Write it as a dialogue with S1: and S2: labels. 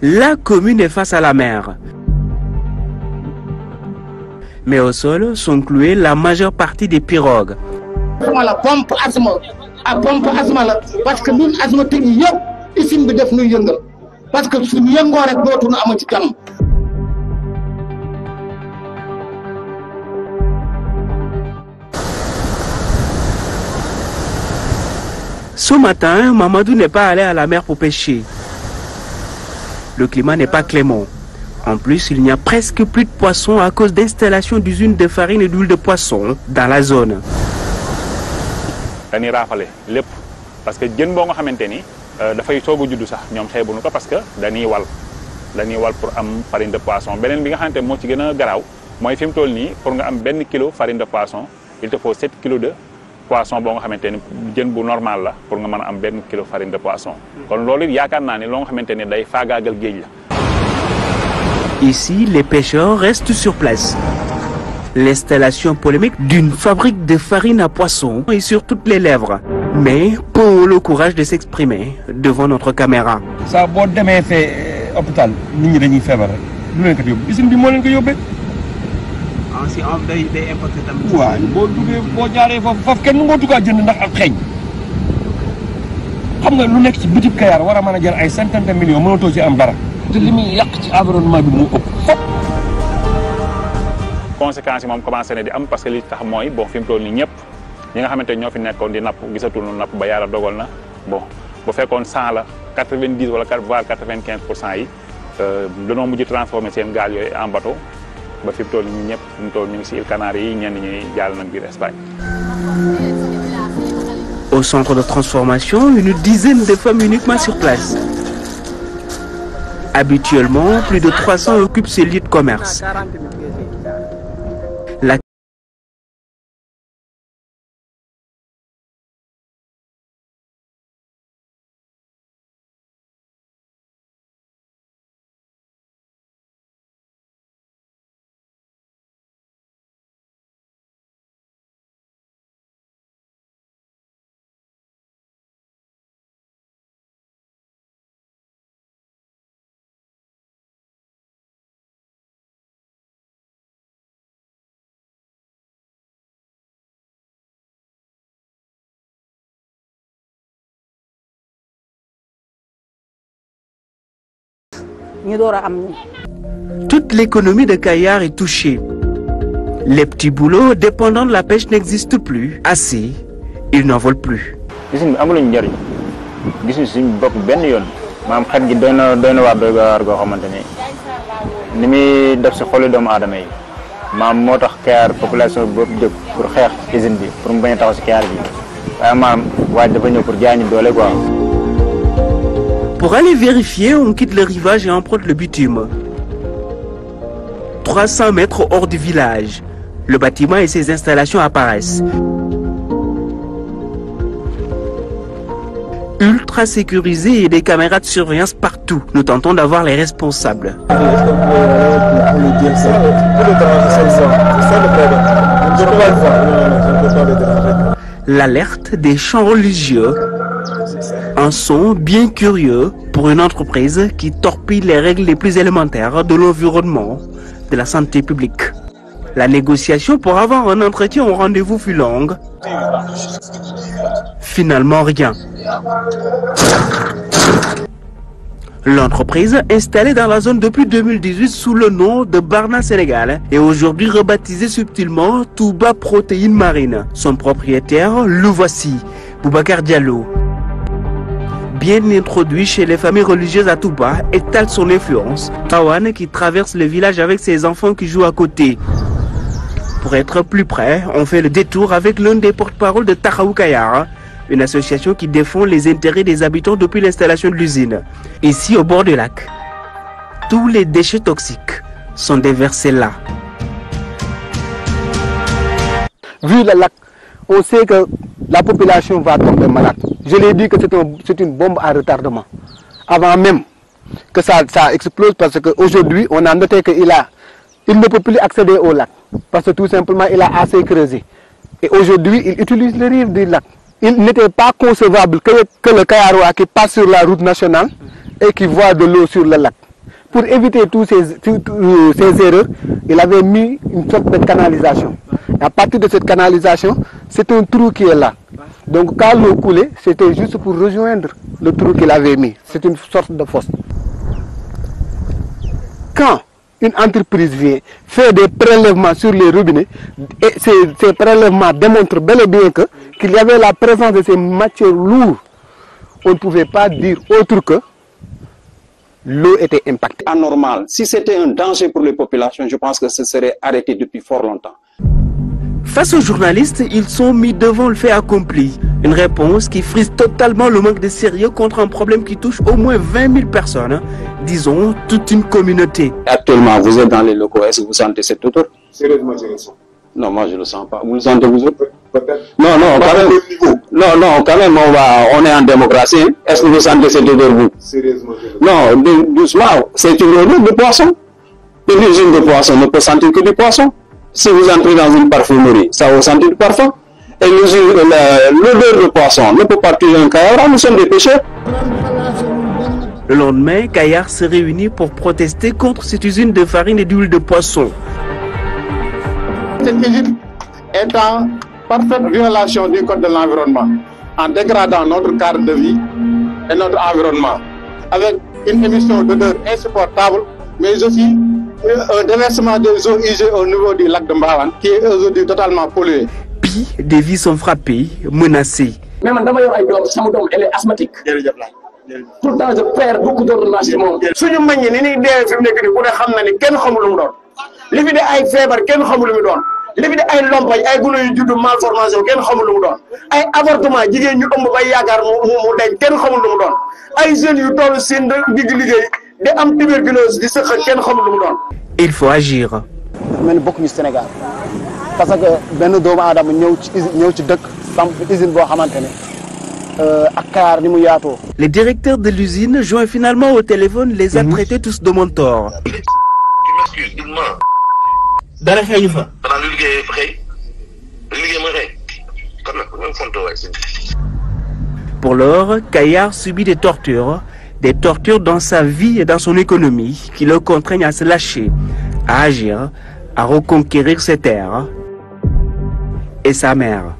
S1: la commune est face à la mer. Mais au sol sont clouées la majeure partie des pirogues. la pompe asma parce que ñun asthmatique yi yëpp isim bi def nuy yëngal parce que suñu yëngoo rek dootuñu amati jàmm. Ce matin, Mamadou n'est pas allé à la mer pour pêcher. le climat n'est pas clément. En plus, il n'y a presque plus de poissons à cause d'installation d'usines de farine et d'huile de poisson dans la zone. dañuy raafale lépp parce que jën boo nga xamante ni euh, dafay soog a juddu sax ñoom xeebu nu ko parce que dañuy wal dañuy wal pour am farine de poisson beneen bi nga xamante moo ci gën a garaaw mooy fi mu toll nii pour nga am benn kilo farine de poisson il te faut 7 de poisson boo nga xamante ni bu normal la pour nga mën am benn kilo farine de poisson. kon loolu it yaakaar naa ne loo nga xamante ni day faagaagal géej la. Ici, les pêcheurs restent sur place. L'installation polémique d'une fabrique de farine à poisson est sur toutes les lèvres. Mais peu le courage de s'exprimer devant notre caméra. saa boo demee fee euh, hôpital nit ñi dañuy feebar rek lu leen ko yóbbu usine bi moo leen ko yóbbee. Ah, si en day day impacté tamit. waaw boo duggee boo jaaree foofu foofu kenn mënoo dugg a jënd ndax ak xeeñ xam nga lu nekk ci bitib Kayar war a mën a jël ay cinquante millions mënatoo ci am dara. te li muy yàq ci environnement bi mu ëpp fop conséquences yi moom commencé na di am parce que li tax mooy boo fi mu nii ñëpp ñi nga xamante ñoo fi nekkoon di napp gisatuñu napp ba yàlla dogal na bon bu fekkoon cent la quatre vingt dix wala voire quatre vingt quinze pour cent yi euh, danoo mujj transformé seen gaal yooyu en bateau. ba fi mu toll ñi ñëpp fi mu toll ñu ngi si îles Canaries yi ñenn ñi jàll nañ biir Espagne. Au centre de transformation, une dizaine de femmes uniquement sur place. Habituellement, plus de 300 occupent ces lieux de commerce. ñu door a am ñun. Toute l'économie de Kayar est touchée. Les petits boulots dépendant de la pêche n'existent plus. Assez, ils n'en volent plus. usine bi amuluñu njëriñ gisuñu suñu bopp benn yoon maam xet gi doy na doy waar goo xamante ni ni muy def si xolu doomu aadama yi maam moo tax Kayar population bi bopp pour xeex usine bi pour mu bañ a taxaw si Kayar bi waaye maam waaj dafa ñëw pour jaay doole quoi. Pour aller vérifier, on quitte le rivage et emprunte le bitume. mètres hors du village, le bâtiment et ses installations apparaissent. Ultra et des caméras de surveillance partout. Nous tentons d'avoir les responsables. L'alerte des champs religieux Un son bien curieux pour une entreprise qui torpille les règles les plus élémentaires de l'environnement, de la santé publique. La négociation pour avoir un entretien au rendez-vous fut longue. Finalement, rien. L'entreprise, installée dans la zone depuis sous le nom de Barna Sénégal, est aujourd'hui rebaptisée subtilement Touba Protéines Marine. Son propriétaire, le voici, Boubacar Diallo. bien introduit chez les familles religieuses à Touba, étale son influence. Tawane qui traverse le village avec ses enfants qui jouent à côté. Pour être plus près, on fait le détour avec l'un des porte-parole de Tahaou une association qui défend les intérêts des habitants depuis l'installation de l'usine. Ici, au bord du lac, tous les déchets toxiques sont déversés là. Vu le lac, on sait que la population va tomber malade. je l'ai dit que c'est un, c'est une bombe à retardement. Avant même que ça, ça explose parce qu'aujourd'hui, on a noté qu'il a, il ne peut plus au lac. Parce tout simplement, il a assez creusé. Et aujourd'hui, il utilise le rive du lac. Il n'était pas concevable que, que le Kayaroa qui passe sur la route nationale et qui voit de l'eau sur le lac. Pour éviter toutes ces, toutes ces erreurs, il avait mis une sorte de canalisation. Et à de cette canalisation, c'est un trou qui est là. Donc quand l'eau coulait, c'était juste pour rejoindre le trou qu'il avait mis. C'est une sorte de fosse. Quand une entreprise vient faire des prélèvements sur les robinets, et ces, ces prélèvements démontrent bel et bien que qu'il y avait la présence de ces matières lourdes. On ne pouvait pas dire autre que l'eau était impactée. Anormal. Si c'était un danger pour les populations, je pense que ce serait arrêté depuis fort longtemps. Face aux journalistes, ils sont mis devant le fait accompli. Une réponse qui frise totalement le manque de sérieux contre un problème qui touche au moins personnes, disons toute une communauté. Actuellement, vous êtes dans les locaux, est-ce que vous sentez cette odeur Sérieusement, Non, moi le sens pas. Vous le Non, non, le sens. de poisson. poisson ne peut sentir que du poisson. Si vous entrez dans une parfumerie, ça vous le parfum. Et euh, l'odeur de poisson, le pot partisan Kayara, nous sommes des pêcheurs. Le lendemain, Kayar se réunit pour protester contre cette usine de farine et d'huile de poisson. Cette usine est en parfaite violation du code de l'environnement, en dégradant notre cadre de vie et notre environnement, avec une émission d'odeur insupportable, mais aussi un euh, euh, déversement des eaux usées au niveau du lac de Mbawane qui est aujourd'hui totalement pollué. Puis, des vies sont frappées, menacées. ay doom sama doom elle est asthmatique. jërëjëf laaj jërëjëf. pourtant je perds suñu mag ni ñuy fi mu nekk nii ku ne xam na ni kenn xamul lu mu doon li de ay feebar kenn xamul lu doon li fi de ay lompañ ay gune yu juddu malformation kenn xamul lu doon ay avortement jigéen ñu ëmb bay yaakaar mu mu kenn xamul lu mu doon ay jeunes yu toll seen di am tuberculose di sëq kenn mel ni bokkuñu Sénégal parce que benn doomu aadama ñëw ci ñëw ci dëkk samp xamante ne euh, ak Kayar mu yaatoo. le directeur de l'usine joint finalement au téléphone les mhm. a traités tous de mentors. dara pour l'heure Kayar subit des tortures. des tortures dans sa vie et dans son économie qui le contraignent à se lâcher, à agir, à reconquérir ses terres et sa mère.